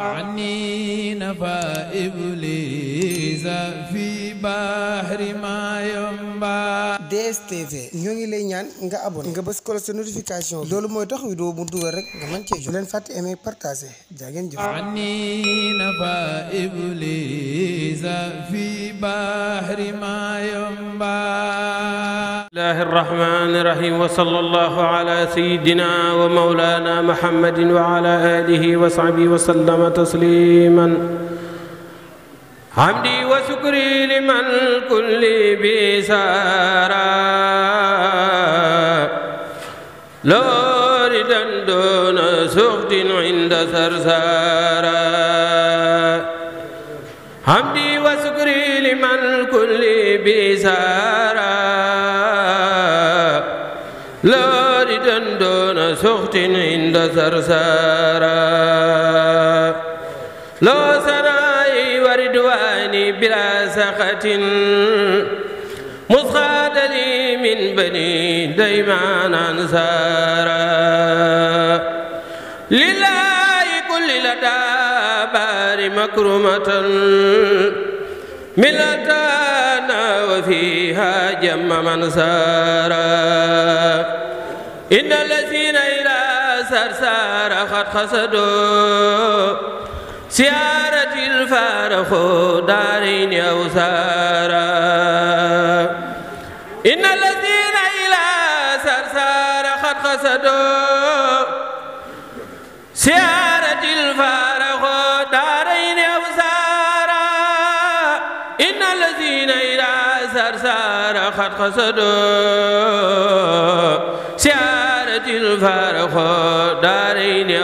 عني نفى إبليس في بحر ما يوم DSTV ñoo ngi lay ñaan nga abonné nga bës ko la sa notification loolu mooy tax vidéo mu dugal rek nga mën cee jot leen fàtte aimer partager jaa ngeen jëf anina ba iblisa fi bahri ma yamba bismillahi arrahmani irrahim wa sallallahu ala حمدي وشكري لمن كل بسارة لوردا دون سخط عند سرسارة حمدي وشكري لمن كل بسارة لوردا دون سخط عند سرسارة والعدوان بلا سخة مسخاد لي من بني ديمان أنسارا لله كل لدى بار مكرمة لدانا وفيها جم من سارا إن الذين إلى سرسار قد خسدوا سيارة الفارخ دارين أوسارا إن الذين إلى سرسار قد قصدوا سيارة الفارق دارين أوسارا إن الذين إلى سرسار قد قصدوا سيارة دارين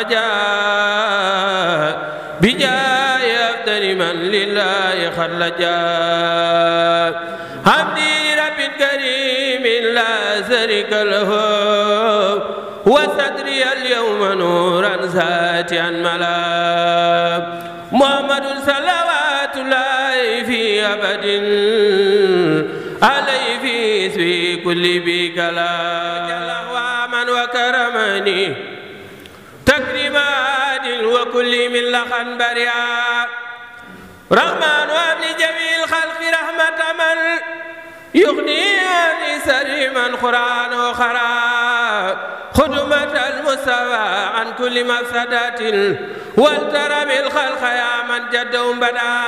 رجاء بجاي أفضل من لله خلجا حمدي رب كريم لا سرك له وصدري اليوم نورا ساتيا ملا محمد صلوات الله في أبد علي في كل بكلام الله ومن وكرمني عباد وكل من لخن بريا رحمن وابن جميع الخلق رحمة من يغني عن سليما قرآن وخرا خدمة المستوى عن كل مفسدة والترى بالخلق يا من جد بدا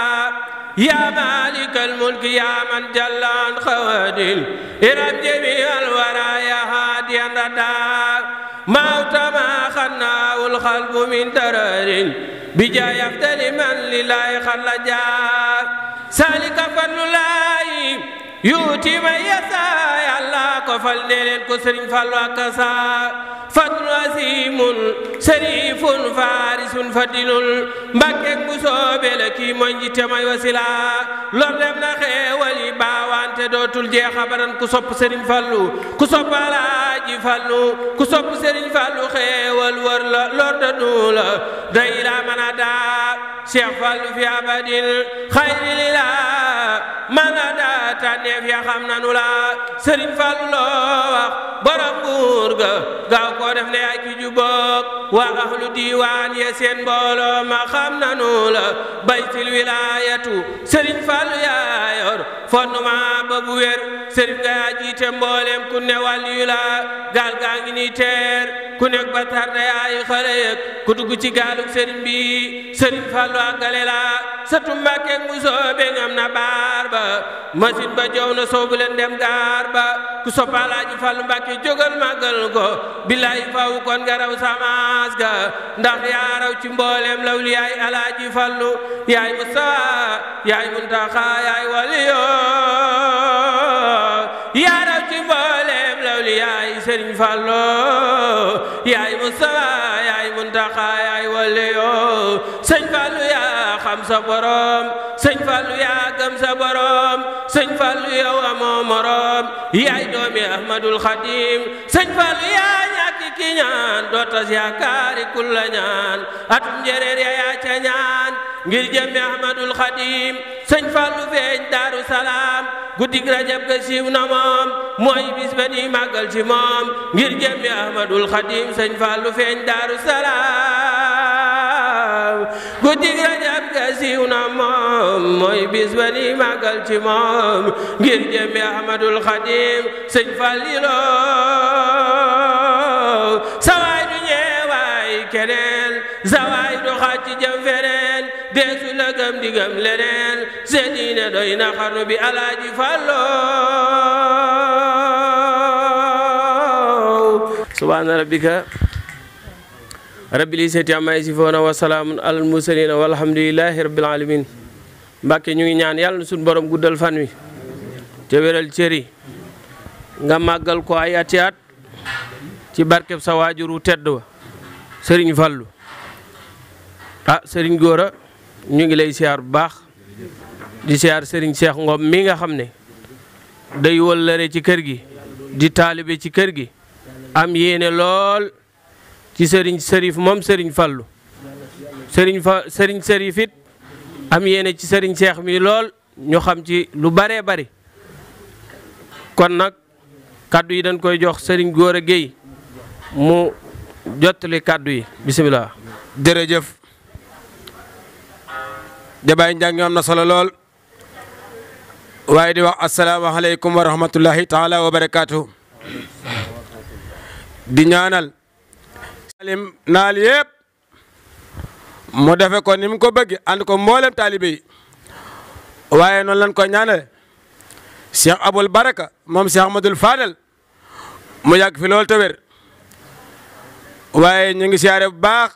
يا مالك الملك يا من جل عن خوادل ارب جميع الورى يا هاديا ردا موت الخلق من ترار بجا يفتل من لله خلجا سالك فضل الله يؤتي من يسعى الله كفل نيل كسر فلوكسا fadlu asimun sharifun farisun fadilul mbàkkeeg bu soobee la kii mooy njiite may wasila lor dem na xeewal yi baawante dootul jeex abadan ku sopp Serigne Fallou ku sopp Alaaji Fallou ku sopp Serigne Fallou xeewal wër la da du day la mën a daa fi abadil xayri tànneef ya xam nanu la sëriñ Fallu loo wax borom nguur ga gaaw koo def ne ay ki jubboog waa ahlu diiwaan ya seen mbooloo ma xam nanu la baytil wilaayatu sëriñ Fallu yaa yor fondement ba bu wér sëriñ ga yaa jiite mbooleem ku ne wàlliyu la gaal gaa teer ku nekk ba tarde ay xale ku dugg ci gaaluk sëriñ bi sëriñ Fallu àggale la sa tumbàkkeeg mu soobe ñam na baar ba masin ba jow na soobu dem gaar ba ku soppalaaji Fallu Mbàkke jógal màggal ko billaay fawu kon nga samaas ga ndax yaa ci mboolem lawli yaay alaaji Fallu yaay Musa yaay Muntaxa yaay waliyo yaay Serigne Fallo yaay Mustafa yaay Muntaxa yaay Waliyo sëñ Fallu yaa xam borom sëñ Fallu yaa gëm borom sëñ Fallu yow amoo morom yaay doomi Ahmadul Xadim sëñ Fallu yaa ñàkk ki ñaan doo tas yaakaari atum njëreer ya yaa ca ñaan Ahmadul Xadim sëñ Fallu feeñ Daaru Salaam guddik rajab ga siiw na moom mooy bis ba ni màggal ci moom ngir jëmmi ahmadul xadim sëñ fàllu feeñ daaru salaam guddik rajab ga siiw na moom mooy bis ba ni màggal ci moom ngir jëmmi ahmadul xadim sëñ fàlliloo gëm di gëm leneen sa diine doy na xarnu bi alaaji Fallou subhaana rabbika rabbil izati amma yasifuna wa salamun alal mursaliina walhamdulillahi rabbil alamin mbake ñu ngi ñaan yalla suñu borom guddal fan wi te wëral cër nga magal ko ay ati ci barkeb sa waajuru tedd wa ah sëriñ Gora ñu ngi lay siyaar bu baax di siyaar Serigne Cheikh Ngom mi nga xam ne day wëllëre ci kër gi di taalibe ci kër gi am yéene lool ci Serigne Serif moom sëriñ Fallou sëriñ fa sëriñ Serif it am yéene ci Serigne seex mi lool ñu xam ci lu baree bari kon nag kàddu yi dañ koy jox sëriñ góor a Gueye mu jottali kàddu yi bisimilah. جباين جانغام نصلى لول وايدي واخ السلام عليكم ورحمه الله تعالى وبركاته دي نانال سالم نال ييب مو دافي كو نيم كو بغي اند كو مولم طالبي وايي نون لان كو نانال شيخ ابو البركه مام شيخ احمد الفادل مو ياك في لول تبر وايي نيغي سياره باخ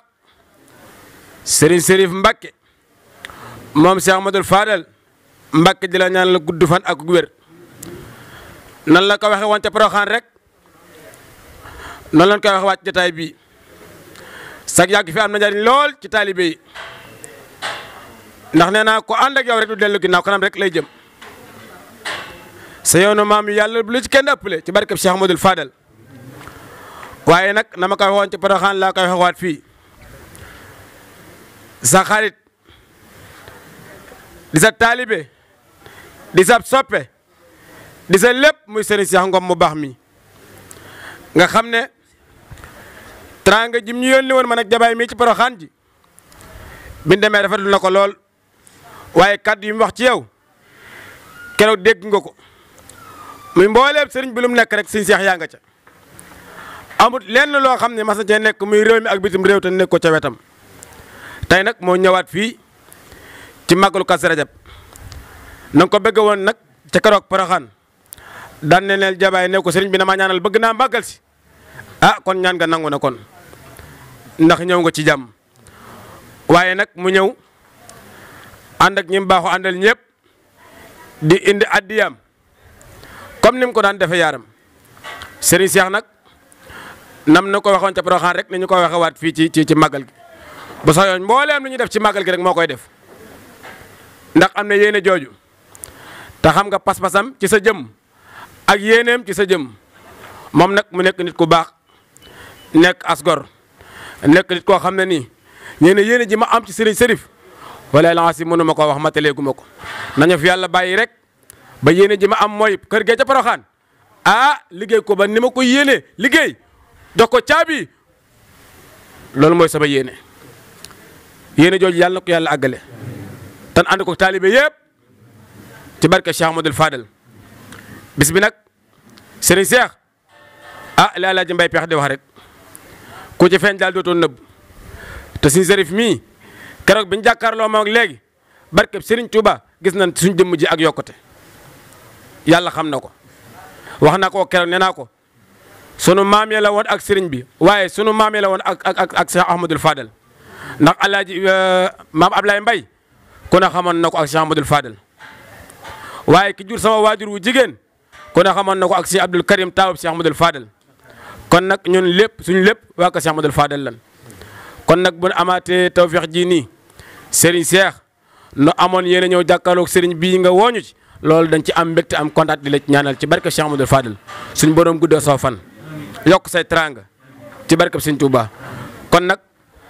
سيرين شريف مباكي moom Cheikh Ahmadul Fadel Mbacke di la ñaan la gudd fan ak wér nan la ko waxe woon ca Porokhane rek noonu la koy waxe waat jotaay bi sag yàgg fi am na njariñ lool ci taalibe yi ndax nee naa ko ànd ak yow rek du dellu ginnaaw kanam rek lay jëm sa yoonu maam yi yàlla bu lu ci kenn ëppale ci barkeb Cheikh Ahmadul Fadel waaye nag na ma ko waxe ca Porokhane laa koy waxe waat fii sa xarit di sa taalibe di sa soppe di sa lépp muy Serigne Cheikh Ngom mu baax mi nga xam ne teraanga jim ñu yoon yónni woon ma ak jabaay mii ci xaan ji bi demee rafetlu na ko lool waaye kàddu yi mu wax ci yow keroog dégg nga ko muy mbooleem sëriñ bi lu mu nekk rek Serigne Cheikh yaa nga ca amut lenn loo xam ne mas na cee nekk muy réew mi ak bitim réew te nekk ko ca wetam tey nag moo ñëwaat fii. ci màggalu Kazu Rajab nang ko begg won nak ci karok Poroxaan dan neel jabaay ne ko serigne bi dama ñaanal bëgg na ci ah kon ñaan nga nanguna kon ndax ñew nga ci jam waye nak mu ñew and ak ñim baaxu andal ñepp di indi adiyam comme nim ko daan defee yaaram serigne cheikh nak nam na ko waxoon ca rek ni ñu ko waxe wat fi ci ci magal bu sa yoon mbolem lu ñu def ci magal gi rek mo koy def. ndax am na yéene jooju te xam nga pas-pasam ci sa jëm ak yéeneem ci sa jëm moom nag mu nekk nit ku baax nekk asgor nekk nit koo xam ne nii ñeene yéene ji ma am ci sëriñ sërif wala la si mënu ma ko wax ma teleegu ma ko nañu fi yàlla bàyyi rek ba yéene ji ma am mooy kër gee ca Poroxaan ah liggéey ko ba ni ma ko yéene liggéey jox ko caabi loolu mooy sama yéene yéene jooju yàlla na ko yàlla àggale tan ànd ko talibe yëpp ci barke Cheikh Amadou Fadel bis bi nak Serigne Cheikh ah la la Mbaye pex di wax rek ku ci fen dal doto neub te serigne zarif mi keroog bi jakarlo mo ak léegi barke Serigne Touba gis nañ suñ dem ji ak yokote yàlla xam na ko wax na ko keroog sunu maam la won ak Serigne bi waye sunu maam la won ak ak ak Cheikh amadou Fadel ndax El mam Ablaye Mbaye. ku kaman xamoon ak Cheikh Amadou Fadel waye ki jur sama wajur wu jigen kaman ne xamoon ak Cheikh Abdoul Karim taawub Cheikh Amadou Fadel kon nak ñun lip suñu lepp wa ko Cheikh Fadel lan kon nak bu amate tawfiq ji ni Serigne Cheikh no amone yene a jakkalo ak Serigne bi nga woñu ci loolu dañ ci am mbégte am contact di la ci ñaanal ci barke Cheikh Amadou Fadel suñu borom guddee so fan yok say tranga ci barke Serigne Touba kon nak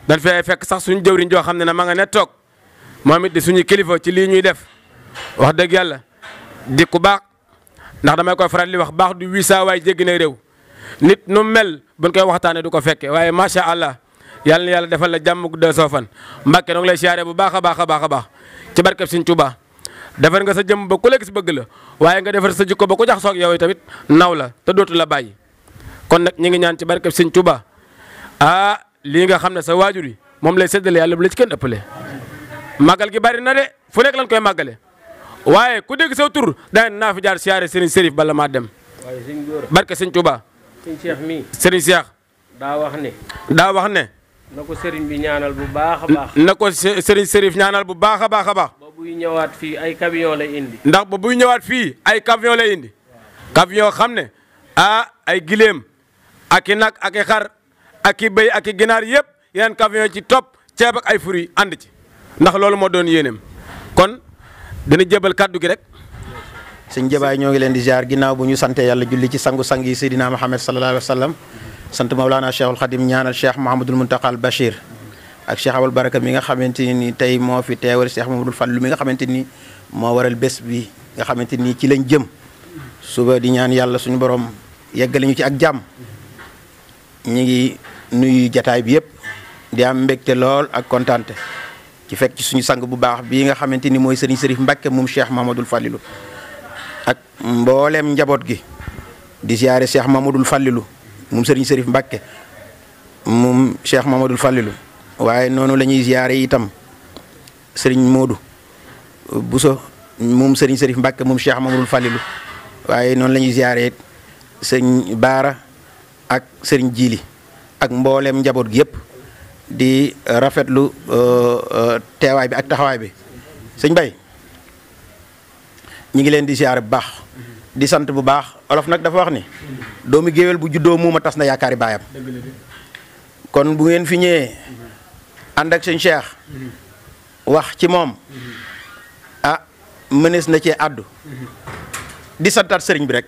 dañ fay fekk sax suñu jëwriñ jo na ma nga netok momit di suñu kilifa ci li ñuy def wax deug yalla di ku baax ndax dama koy faral di wax baax du 800 way jegg na rew nit nu mel buñ koy waxtane du ko fekke ma sha allah yalla yalla defal la jàmm guddal soo fan mbacke noo lay siyaare bu baax a baax a baax ci barke Sëriñ Tuubaa defar nga sa jëm ba ku la gis bëgg la waye nga defar sa jikko ba ku jax sok yow tamit naw la te dotu la bayyi kon nak ñi ngi ñaan ci barke Sëriñ Tuubaa ah li nga xamne sa wajuri mom lay seddel yalla bu la ci kenn magal gi bari na de fu nekk lan koy magale waye ku deg saw tour na fi jaar siare Serigne Serif bala madem. dem. waaye sëñ Gora barke serigne Touba. sëñ Cheikh mii Serigne Cheikh. da wax ne. da wax ne. nako Serigne bi ñaanal bu baax. nako Serigne Serif ñaanal bu baax a baax ba buy ñëwaat fi ay camion lay indi. ndax ba buy ñëwaat fi ay camion lay indi. camion xamne ah ay gilem ak nak ak xar ak bay ak ginar ginaar yeen camion ci top ci ak ay furi ci. ndax loolu moo doon yéeneem kon dana jëbal kàddu gi rek. sëñ Jabaay ñoo ngi leen di ziar ginnaaw bu ñu sante yàlla julli ci sangu sang yi Seydina Mohamed sallallahu alayhi wa sallam sant Maulana Cheikhul Khadim ñaanal Cheikh Mouhamadul Mountakha al Bachir. ak Cheikh Abul Baraka mi nga xamante ni tey moo fi teewal Cheikh Mouhamadul Fadlu mi nga xamante ni moo waral bés bi nga xamante ni ci lañ jëm suba di ñaan yàlla suñu borom yeggale ñu ci ak jàmm ñu ngi nuyu jataay bi yëpp di am mbégte lool ak kontaante. ci fekk ci suñu sang bu baax bii nga xamante ni mooy sëriñ sërif Mbacke moom cheikh Mahamadul Fallilu ak mbooleem njaboot gi di ziare cheikh Mahamadul Fallilu moom sëriñ sërif Mbacke moom cheikh Mahamadul Fallilu waaye noonu la ñuy ziare itam sëriñ Modou Bousso moom sëriñ sërif Mbacke moom cheikh Mahamadul Fallilu waaye noonu la ñuy ziare sëriñ Baara ak sëriñ Jili ak mbooleem njaboot gi yëpp. di eh, rafetlu lu eh, eh, bi ak taxaway bi señ bay ñi ngi len di ziar bu baax di sante bu baax olof nak dafa wax ni doomi géwél bu mu ma tass na yakari bayam kon bu ngeen fi ñewé and ak señ Cheikh wax ci mom ah menes na ci addu di santat señ bi rek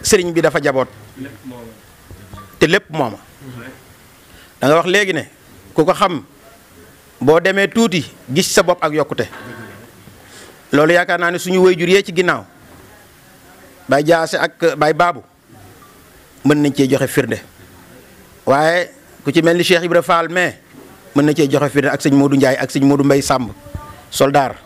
señ bi dafa jabot te lepp danga wax léegi ne ku ko xam boo demee tuuti gis sa bopp ak yokkute loolu yaakaar naa ne suñu wayjur yee ci ginnaaw bay jaase ak bay baabu mën nañ cee joxe firnde waaye ku ci mel ni Cheikh Ibra Fall mais mën na cee joxe firnde ak sëñ Modou njaay ak sëñ Modou Mbay Sàmb soldaar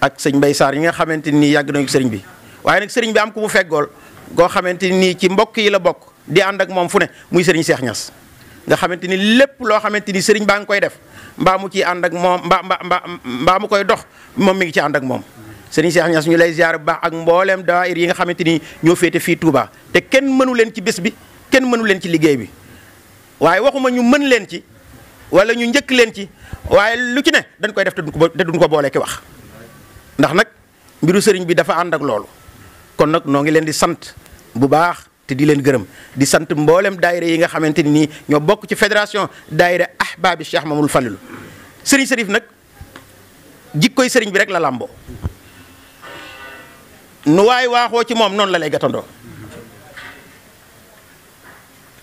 ak sëñ Mbay saar yi nga xamante nii yàgg nañu sëriñ bi waaye nag sëriñ bi am ku mu feggool koo xamante nii ci mbokk yi la bokk di ànd ak moom fu ne muy sëriñ Cheikh Niass nga xamante ni lépp loo xamante ni sëriñ baa ngi koy def mbaa mu ciy ànd ak moom mbaa mbaa mbaa mu koy dox moom mi ngi ci ànd ak moom. sëriñ Cheikh Niass ñu lay ziar bu baax ak mbooleem daayir yi nga xamante ni ñoo féete fii Touba te kenn mënu leen ci bés bi kenn mënu leen ci liggéey bi waaye waxuma ñu mën leen ci wala ñu njëkk leen ci waaye lu ci ne dañ koy def te duñ ko te duñ ko boole ki wax ndax nag mbiru sëriñ bi dafa ànd ak loolu kon nag noo ngi leen di sant bu baax. te di leen gërëm di sant mboolem daayira yi nga xamante ni nii ñoo bokk ci fédération daayira ahbaabi Cheikh Mamadou Fallilou sëriñ Sërif nag jikkoy sëriñ bi rek la làmboo nu waay waaxoo ci moom noonu la lay gatandoo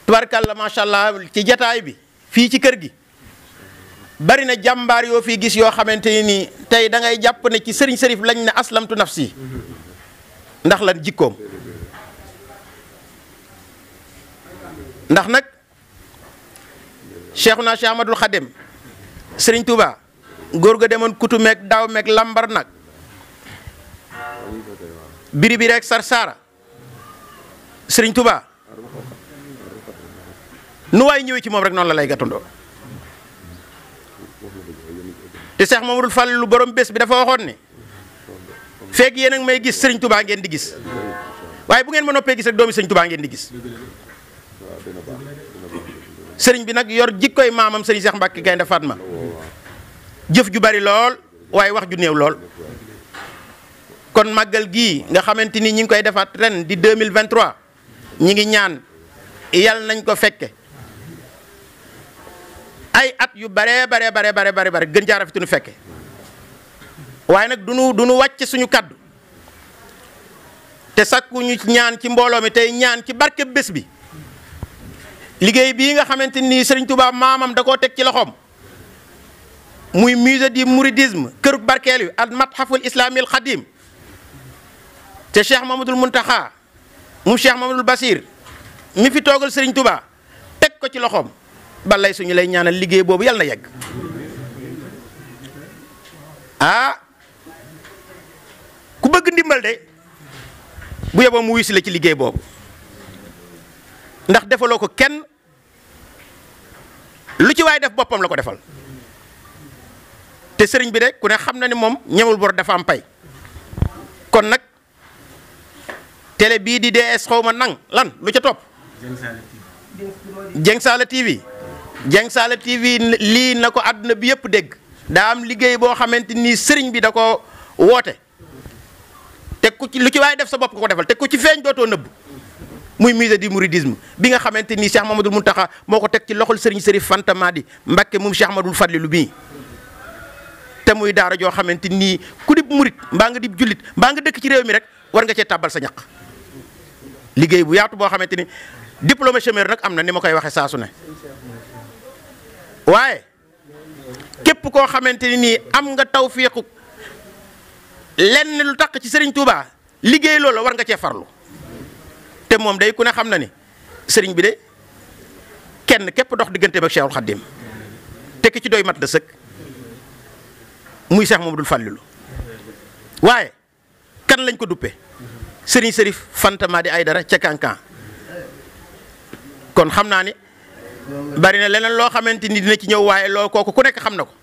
tubarkalla macha allah ci jataay bi fii ci kër gi bari na jàmbaar yoo fii gis yoo xamante ni nii tey da ngay jàpp na ci sëriñ Sërif lañ ne aslamtu nafsi ndax lan jikkoom ndax nag Cheikhuna Cheikh Ahmadul xadem Serigne Touba góor ga demoon kutu meeg daaw meeg lambar nag biri bi rek sar saara Serigne Touba nu waay ñëwee ci moom rek noonu la lay gàttandoo te Cheikh Mamadou Fall lu borom bés bi dafa waxoon ni feeg yéen a may gis Serigne Touba ngeen di gis waaye bu ngeen ma noppee gis rek doomi Serigne Touba ngeen di gis. sering bi nag yor jikkoy imamam sëriñ Cheikh Mbacke Gaynde Fatma Jif ju bari lol waaye wax ju lol kon magal gi nga xamante ni koy ren di 2023 ñi ngi ñaan yàlla nañ ko fekke ay at yu bare bare bare bare bare bare gën caa rafetunu fekke waaye nak duñu duñu wàcc suñu kaddu te sakku ñu ñaan ci mi ñaan ci liggéey bii nga xamante ni Serigne Touba maamam da koo teg ci loxoom muy musée du mouridisme kër barkeel wi al mathaful islamil xadim te Cheikh Mamadul Muntaxa mu Cheikh Mamadul Basir mi fi toogal sëriñ Touba teg ko ci loxoom balay suñu lay ñaanal liggéey boobu yàlla na yegg ah ku bëgg ndimbal de bu yeboo mu wuyu si la ci liggéey boobu ndax defaloo ko kenn lu ci waay def boppam la ko defal te sëriñ bi de ku ne xam na ne moom ñemul bor dafa am pay kon nag télé bii di DS xaw ma nang lan lu ca topp. Dieng Saala TV Dieng Saala TV lii na ko àdduna bi yëpp dégg daa am liggéey boo xamante ni sëriñ bi da ko woote te ku ci waay def sa bopp ko defal te ku ci feeñ dootoo nëbb. muy musée du mouridisme bi nga xamante ni Cheikh Mamadou taxa moo ko teg ci loxol Serigne Serif Fanta Madi Mbacké moom Cheikh Mamadou Fadlilou bii te muy daara joo xamante nii ku dib murit mbaa nga dib jullit mbaa nga dëkk ci réew mi rek war nga cee tàbbal sa ñaq liggéey bu yaatu boo xamante ni diplômé chômeur nag am na ni ma koy waxee saasu ne waaye képp koo xamante ni am nga taw féexu lenn lu tax ci Serigne Touba liggéey lool war nga cee farlu te moom day ku ne xam na ni sëriñ bi de kenn képp dox diggante ba Cheikhul Khadim te ki ci doy mat la sëkk muy moom Cheikh Mamadou Fallilou waaye kan lañ ko duppe sëriñ sëri fantamaa di ay dara ca kankan kon xam naa ni bari na leneen loo xamante ni dina ci ñëw waaye loo kooku ku nekk xam na ko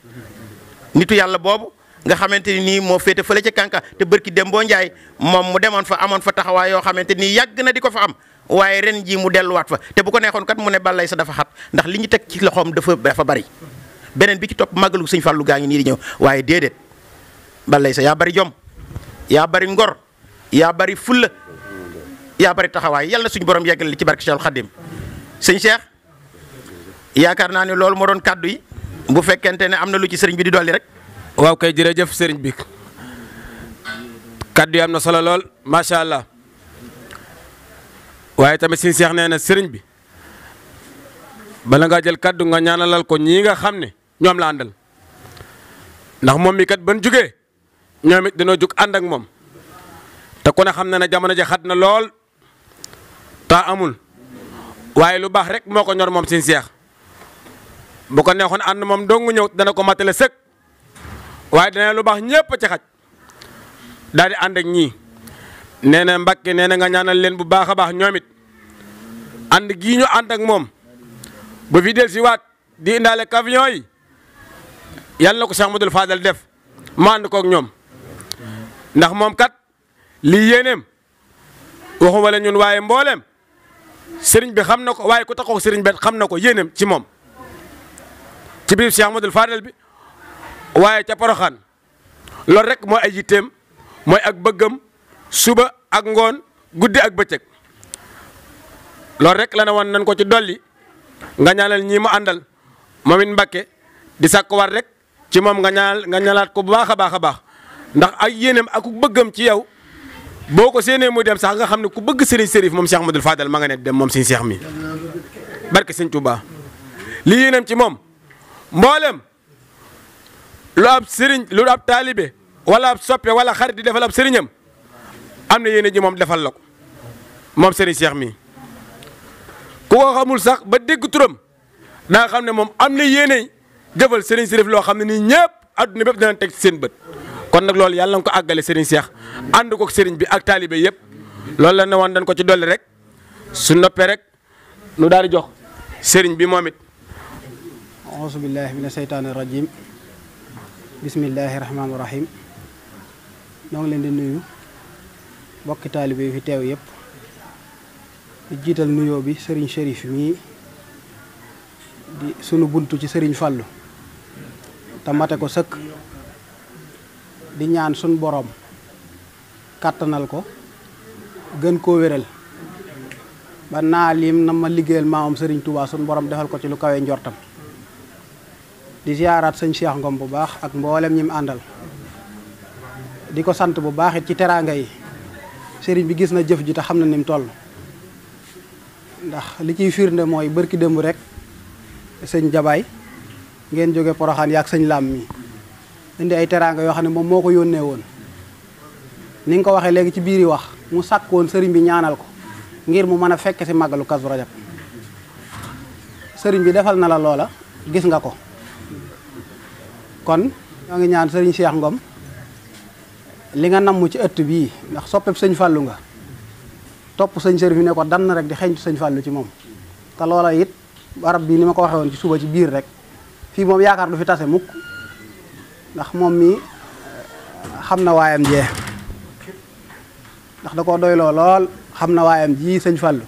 nitu yàlla boobu nga xamanteni ni mo moo féete ci kanka kànka te bërki dem boo mu demoon fa amon fa taxaway yo xamanteni yag na diko ko fa am waye ren ji mu wat fa te bu ko neexoon kat mu ne balay sa dafa xat ndax liñu tek ci loxom dafa dafa bari benen bi ci top màggalu seigne fallu gaangi ni di ñew waye déedéet balay sa ya bari jom ya bari ngor ya bari ful ya bari taxaway yalla suñu borom yeggal ci barki Cheikhul Khadim seigne Cheikh yaakaar naa ne loolu moo doon yi bu fekkente ne amna lu ci seigne bi di doli rek waaw kay jërëjëf sëriñ bi kaddu yi am na solo lool macha allah waye tamit suñu cheikh neena na sëriñ bi bala nga jël kaddu nga ñaanalal ko ñi nga xamne ñom la andal ndax mom mi kat ban jugee ñomit dañu jukk and ak mom ta ko na xamne na jamono ja lol ta amul waye lu bax rek moko ñor mom suñu cheikh bu ko neexon and mom dongu ñew dana ko matale sëkk. waaye dana lu baax ñëpp ci xaj daal di ànd ñii nee na Mbàkke nee na nga ñaanal leen bu baax a baax ñoomit it ànd gii ànd ak moom bu fi del si waat di indaale camion yi yàlla na ko Cheikh Modou Fadal def mu ànd koog ñoom ndax moom kat lii yéeneem waxuma la ñun waaye mbooleem sëriñ bi xam na ko waaye ku taxaw sëriñ bi xam na ko yéeneem ci moom ci biir Cheikh Modou Fadal bi. waye ca poroxan loolu rek moy ay moy ak beugam suba ak ngon guddé ak bëccëg loolu rek la ne woon nañ ko ci doli nga ñaanal ñi mu andal momin mbacké di sakku war rek ci mom nga ñaanal nga ñaanalaat ko bu baaxa baaxa baax ndax ak yenem ak ku beugam ci yow boko mu dem sax nga xamné ku bëgg sëriñ mom Cheikh Fadal ma nga ne dem mom sëriñ Cheikh mi barké sëriñ Touba li yenem ci mom lu ab sëriñ loo ab taalibe wala ab soppe wala xarit di defal ab sëriñam am na yéene ji moom defal la ko moom sëriñ Cheikh mii ku ko xamul sax ba dégg turam daa xam ne moom am na yéene jëfal sëriñ si loo xam ne nii ñëpp aduna bépp dinañ teg seen bët kon nag loolu yàlla na ko àggale sëriñ Cheikh ànd kok sëriñ bi ak taalibe yëpp loolu la ne woon dañ ko ci dolli rek su noppee rek nu daal di jox sëriñ bi moom it. auzu billahi mina seytaani Bismillahirrahmanirrahim. ñoo ngi leen di nuyu bokki talibé yi fi yépp di jiital nuyo bi serigne Tamata mi di sunu buntu ci serigne fallu ta maté ko sëkk di ñaan sun borom katanal ko gën ko wéral ba na ma liggéeyal maam serigne Touba sun borom defal ko ci lu kawé njortam di ziarat seigne Cheikh Ngom bu baax ak mbollem ñim andal di ko sant bu baax ci teranga yi serigne bi gis na jëf ji ta xamna nim toll ndax li ciy firnde moy barki dem rek seigne jabay ngeen joge poroxaan yak seigne lam mi indi ay teranga yo xamne ne moko yonne won ni nga waxe legi ci biiri wax mu sakkon serigne bi ñaanal ko ngir mu meuna fekk ci magalu Kazu Rajab serigne bi defal na la lola gis nga ko kon ñoo ngi ñaan serigne Cheikh Ngom li nga namu ci ëtt bi ndax soppeeb serigne fallu nga top serigne Serif ne ko dann rek di xeñtu serigne fallu ci mom ta loola it barab bi ni ma ko waxee ci suba ci biir rek fi mom yaakar du fi tassé mukk ndax mom mi eh, xamna wayam je ndax da ko doylo lol xamna wayam ji serigne fallu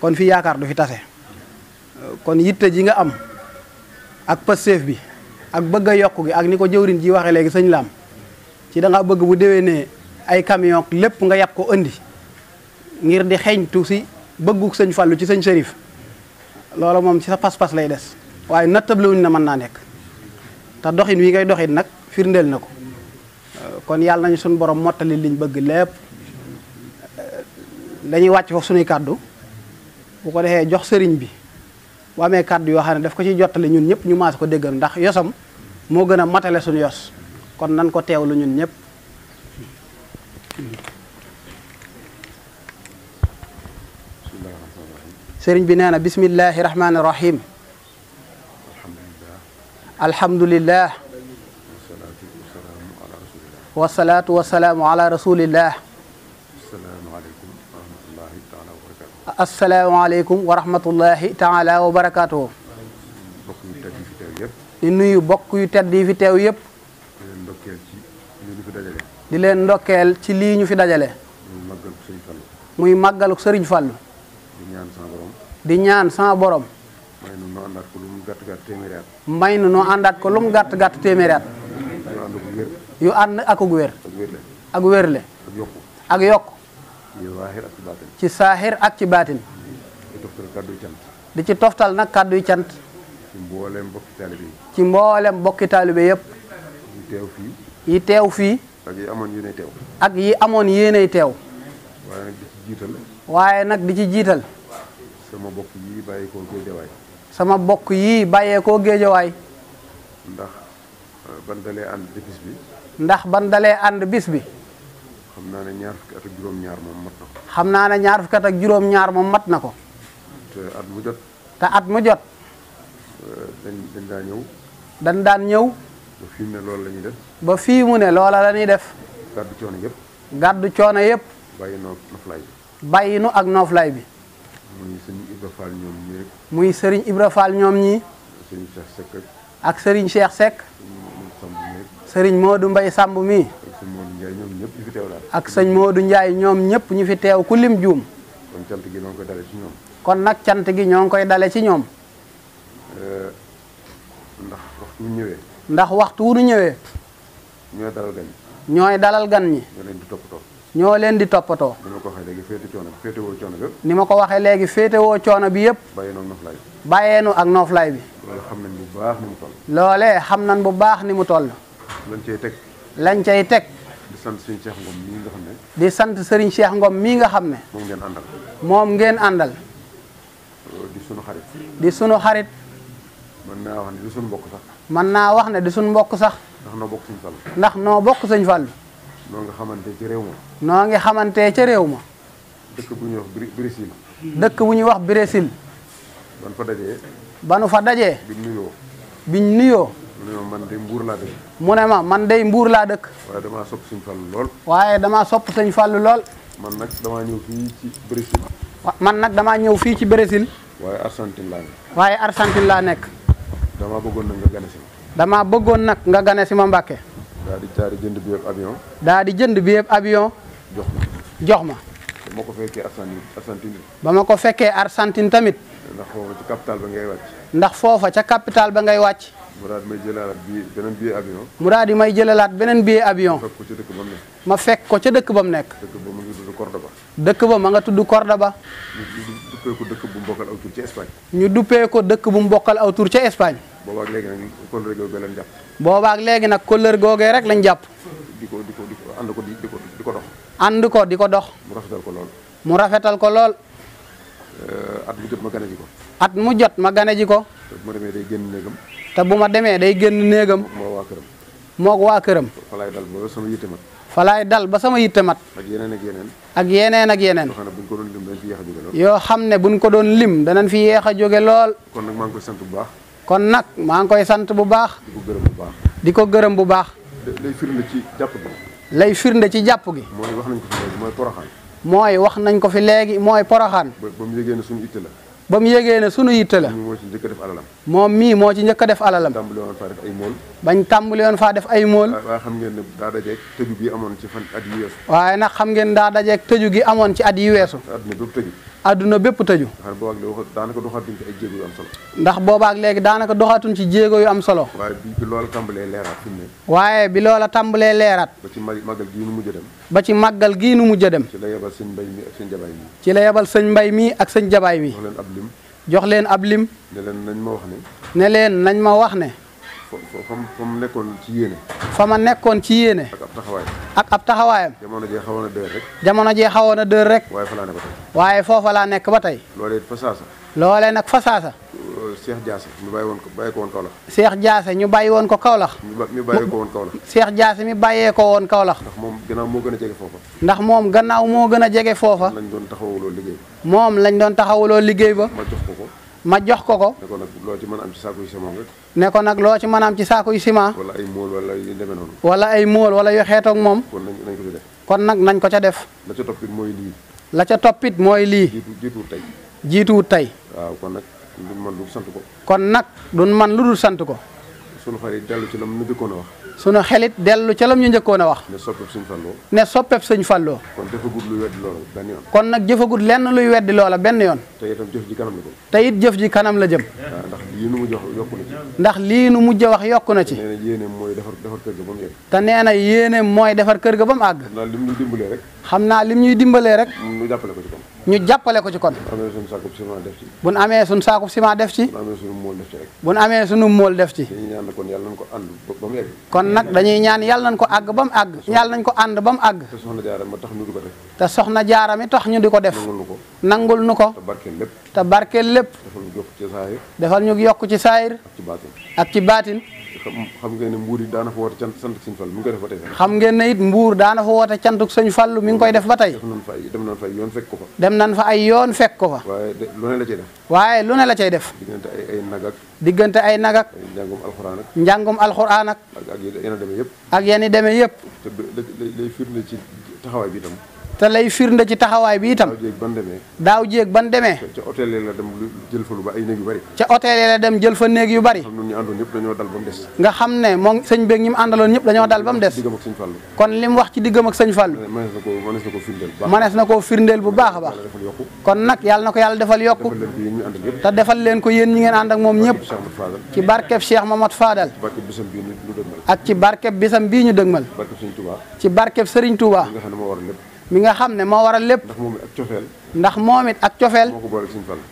kon fi yaakar du fi tassé eh, kon yitte ji nga am ak passef bi ak bëgg yokku gi ak niko ko jëwrin ji waxé légui sëñ Lam ci da nga bëgg bu né ay camion lépp nga yap ko indi ngir di xéñ si bëggu sëñ fallu ci sëñ Serif loolu mom ci sa pass pass lay waye waaye wuñ na man na nek ta doxine wi ngay doxine nak firndel nako kon yalla nañu sun borom motali liñ bëgg lépp dañuy wacc foofu suñu kaddu bu ko déxé jox sëriñ bi bu amee kàddu yoo xam ne daf ko ci jottali ñun ñëpp ñu maas ko déggal ndax yosam moo gën a matale suñu yos kon nan ko teewlu ñun ñëpp sëriñ bi nee na bismillahi rahmaani rahim alhamdulillah wasalaatu wasalaamu ala rasulillah asalaamaaleykum wa rahmatullahi taala wa barakaatuhu di nuyu bokk yu tedd yi fi teew yëpp di leen ndokkeel ci lii ñu fi dajale muy màggalu sëriñ Fallu di ñaan sama borom may nu noo àndaat ko lu mu gàtt gàtt yu ànd ak wér ak wér le ak yokk ci saaxir ak ci baatin di ci toftal nag kàddu cant ci mboolem bokki taalibe yi ci mboolem bokki taalibe yëpp yi teew fii yi teew fii ak yi amoon yéenay teew ak yi amoon yéenay teew waaye nag di ci jiital waaye sama bokk yi bàyyeekoo géejawaay sama bokk yi bàyyeekoo géejawaay ndax ban dalee ànd bis bi xam naa ne ñaar fukki at ak juróom-ñaar moom mat na ko. ne ñaar ak juróom mat na ko. te at mu jot. te at mu jot. Eh, dañ daan ñëw. dañ ba fii ne loolu la def. ba fii mu ne loola la def. gàddu coono yëpp. gàddu coono yëpp. ak noflaay bi. muy sëriñ Ibra Fall ñoom ñii sëriñ Ibra Fall sëriñ Cheikh Seck ak. ak mii. ak sëñ du Ndiaye ñoom ñëpp ñu fi teew ku lim juum. kon cant gi ñoo ngi koy dale ci ñoom. kon nag cant gi ñoo ngi koy dale ci ñoom. ndax waxtu wu ñëwee. ndax waxtu wu ñëwee. ñooy dalal gan ñi. ñooy dalal gan ñi. ñoo leen di toppatoo. ñoo leen di toppatoo. ni ma ko waxee léegi féete coono féete woo coono bi. ni ma ko waxee léegi féete coono bi yëpp. bàyyeenu ak noflaay bi. bàyyeenu ak noflaay bi. xam nañ bu baax ni mu toll. loolee xam nañ bu baax ni mu toll. lañ cay teg. lañ cey tek di sante serigne cheikh ngom mi nga xamne di serigne cheikh ngom mi nga xamne mom ngeen andal mom ngeen andal euh, di sunu xarit di sunu xarit man na wax ne di sunu bokk sax man na wax ne di sunu bokk sax ndax no bokk serigne fall ndax no bokk serigne fall no nga xamanté ci rew no nga xamanté ci rew dekk bu ñu wax brésil dekk bu ñu wax brésil ban fa dajé banu fa dajé biñ nuyo biñ nuyo man day mbuur laa dëkk. mu ne ma man day mbuur laa dëkk. waaye damaa sopp sëñ Fallou lool. waaye damaa sopp sëñ Fallou lool. man nag damaa ñëw fii ci Brésil. man nag damaa ñëw fii ci Brésil. waaye Argentine laa nekk. Argentine laa nekk. damaa bëggoon nga gane si ma. damaa nga gane ma Mbàkke. daa di jënd bi yëpp avion. daa di jënd bi yëpp avion. jox ma jox ma. ba ma ko fekkee Argentine. ba ma ko fekkee Argentine tamit. ndax foofa ca capital ba ngay wàcc. ndax foofa ca capital ba ngay wàcc. mu daal di may jëlalaat bii beneen billet avion. daal di may jëlalaat beneen billet avion. ma fekk ko ca dëkk ba mu nekk. ma ko dëkk ba mu nekk. dëkk ba ma ngi tudd Cordoba. dëkk ba ma nga tudd Cordoba. ñu duppee ko dëkk bu mbokkal aw tur ca Espagne. ñu duppee ko dëkk bu mbokkal aw tur ca Espagne. boobaak léegi nag kóllër googee lañ jàpp. boobaak léegi nag kóllër googee rek lañ jàpp. di ko di ko di ko ànd ko ko di ko dox. ànd ko di ko dox. mu rafetal ko lool. mu rafetal ko lool. Euh, at mu jot ma gane ko. at mu jot ma gane ji ko. bu ma day génn néegam te bu ma demee day génn néegam. moo waa këram. moog waa këram. falaay dal ba sama yitte mat. falaay dal ba sama yitte mat. ak yeneen ak yeneen. ak yeneen ak yeneen. yoo xam ne buñ ko doon lim danañ fi yéex a jóge lool. yoo xam ne buñ ko doon lim danañ fi yéex a jóge lool. kon nag maa ngi koy sant bu baax. kon nag maa ngi koy sant bu baax. di ko gërëm bu baax. di ko gërëm bu baax. lay firnde ci jàpp gi. ci jàpp gi. mooy wax nañ ko fi léegi mooy poroxaan. mooy wax nañ ko fi léegi mooy poroxaan. ba mu yëgee ne la. ba mu yégee ne sunu yitte la. moom mii moo ci njëkk def alalam. moom mii moo ci njëkk def alalam. tàmbali woon faa def ay mool. bañ tàmbali woon faa def ay mool. waaye xam ngeen ne daa dajeeg tëju gi ci fan at yi weesu. waaye nag xam ngeen daa dajeeg tëju gi amoon ci at yi weesu. adduna bépp tëju. bépp tëju. ndax boobaag léegi daanaka doxaatuñ ci ay am solo. ndax boobaag léegi daanaka doxaatuñ ci jéego yu am solo. waaye bi loola tàmbalee leeraat bi loola tàmbalee leeraat. ba ci màggal gii nu mujj dem. ba ci màggal gii nu mujj dem. ci la yebal sëñ mbay mi ak sëñ jabaay ci la yebal sëñ mbay mi ak sëñ jabaay mi. lim. jox leen ab lim. ne nañ ma wax ne. ne leen nañ ma wax ne. fa mu nekkoon ci yéene. fa ma nekkoon ci yéene. ak ab taxawaayam. ak ab taxawaayam. jamono xawoon a dër rek. jamono jee xawoon a dër rek. waaye fa laa nekk ba tey. waaye foofa laa nekk ba tey. loolee fa saasa. loolee nag fa saasa. Cheikh uh, Diassé ñu bàyyi woon ko bàyyi ko woon Kaolack. Cheikh Diassé ñu bàyyi woon ko Kaolack. ñu bàyyi ko woon Kaolack. Cheikh Diassé mi bàyyee ko woon Kaolack. ndax moom gannaaw moo gën a jege foofa. ndax moom gannaaw moo gën a jege foofa. lañ doon taxawaloo liggéey. moom lañ doon taxawaloo liggéey ba. ma jox ko ko. ma jox ko ko. loo ci mën a am ne ko nag loo ci mën a am ci saako yu ciment. wala ay mool wala yu demee noonu. wala ay mool wala yu xeetoog moom. kon nañ ko ca kon nag nañ ko ca def. la ca toppit mooy lii. la ca toppit mooy lii. jiitu jiituwut tey. tey. kon nag duñ man lu dul sant ko. kon nag duñ man lu dul sant ko. sunu xel it dellu ci lam mu njëkkoon a wax. sunu xel it dellu lam ñu njëkkoon a wax. ne soppeeb suñ falloo. ne soppeeb suñ falloo. kon jëfagut luy weddi loola benn kon nag jëfagut lenn luy weddi loola benn yoon. te itam jëf ji kanam la jëm. te it jëf ji kanam la jëm. Ah, ndax lii nu mujj wax ndax lii nu mujj wax yokku na ci. nee na defar defar kër ga ba mu te nee na yéene mooy defar kër ga ba mu àgg. xam naa lim ñuy dimbalee rek. xam naa lim ñuy dimbalee rek. nu jàppale ko ñu jàppale ko ci kon. bu nu amee suñu saakub ciment def ci. bu nu amee suñu mool def ci bu nu amee suñu mool def ci. kon yàlla nañ ko nag dañuy ñaan yàlla nañ ko àgg ba mu àgg. yàlla nañ ko ànd ba mu àgg. te soxna jaara ma tax ñu di ko def. te soxna jaara mi tax ñu di ko def. nangul nu ko. nangul nu ko. te barkeel lépp. te barkeel lépp. defal ñu yokk ci saayir. defal yokk ci saayir. ak ak ci baatin. xam ngeen ne mbuur yi daana fa woote cant santuk sëñ Fallu mi ngi koy def ba tey xam ngeen ne it mbuur daana dem nañ fa ay yoon fekk ko fa dem nañ ay yoon fekk ko fa waaye lu ne la cay def waaye lu ne la cay def diggante ay ay diggante ay nag ak njàngum alxuraan ak njàngum alxuraan ak ak yéen a demee yëpp ak yéen i demee yëpp lay firnde ci taxawaay bi tam te lay firnde ci taxaway bi itam. daw jeek ban demee. ci hôtel la dem jël fa lu ba ay néeg yu bari. ca hôtel la dem jël fa néeg yu bari. ñun ñu dal nga xam ne moom sëñ beeg ñi mu dañoo dal ba mu kon lim wax ci diggam ak señ Fallu. manes nako koo bu baax. bu baax kon nak yal nako ko defal yokku. ta defal leen ko yeen ñi ngeen and ak mom ñep ci barkeb Cheikh Mamad Fadal. ak ci barkeb bisam bi ñu dëgmal. ci barkeb Sëriñ Tuuba. mi nga xam ne moo waral lépp. ndax moom ak cofeel ndax moom it ak cofeel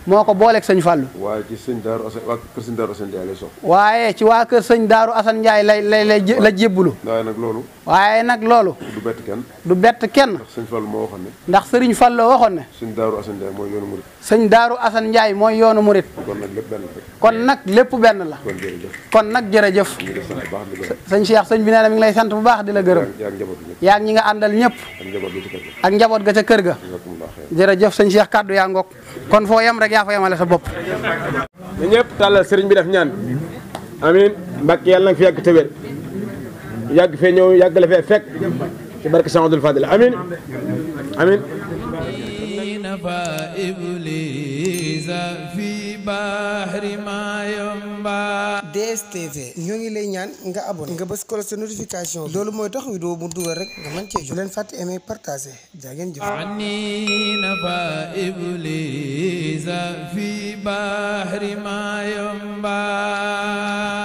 moo ko booleeg sëñ Fallou waaye ci sëñ Daaru Assane waa kër sëñ Daaru Assane lay sopp waaye ci waa kër sëñ Daaru Assane Ndiaye lay lay lay la jébbulu waaye nag loolu waaye nag loolu du bett kenn du bett kenn ndax sëñ Fallou moo ne ndax sëriñ Fallou waxoon ne sëñ Daaru Assane Ndiaye mooy yoonu murit sëñ Daaru Assane Ndiaye mooy yoonu murit kon nag lépp benn la kon nag lépp benn la kon nag jërëjëf sëñ Cheikh sëñ bi nee na mi ngi lay sant bu baax di la gërëm yaa ngi ñi nga àndal ñëpp ak njaboot ga ca kër ga jërëjëf sa sëñ Cheikh kàddu yaa ngoog kon foo yem rek yaa fa yemale sa bopp. ñu ñëpp tàllal sëriñ bi def ñaan amiin Mbàkke yàlla na fi yàgg te wér yàgg fee ñëw yàgg fee fekk ci barke Cheikh Abdoul Fadil amiin amiin. bahri mayomba DSTV ñoo ngi lay ñaan nga abonné nga bës ko sa notification loolu mooy tax vidéo mu dugal rek nga mën cee jot leen fàtte aimer partager jaa ngeen jëf ani nafa iblisa fi bahri mayomba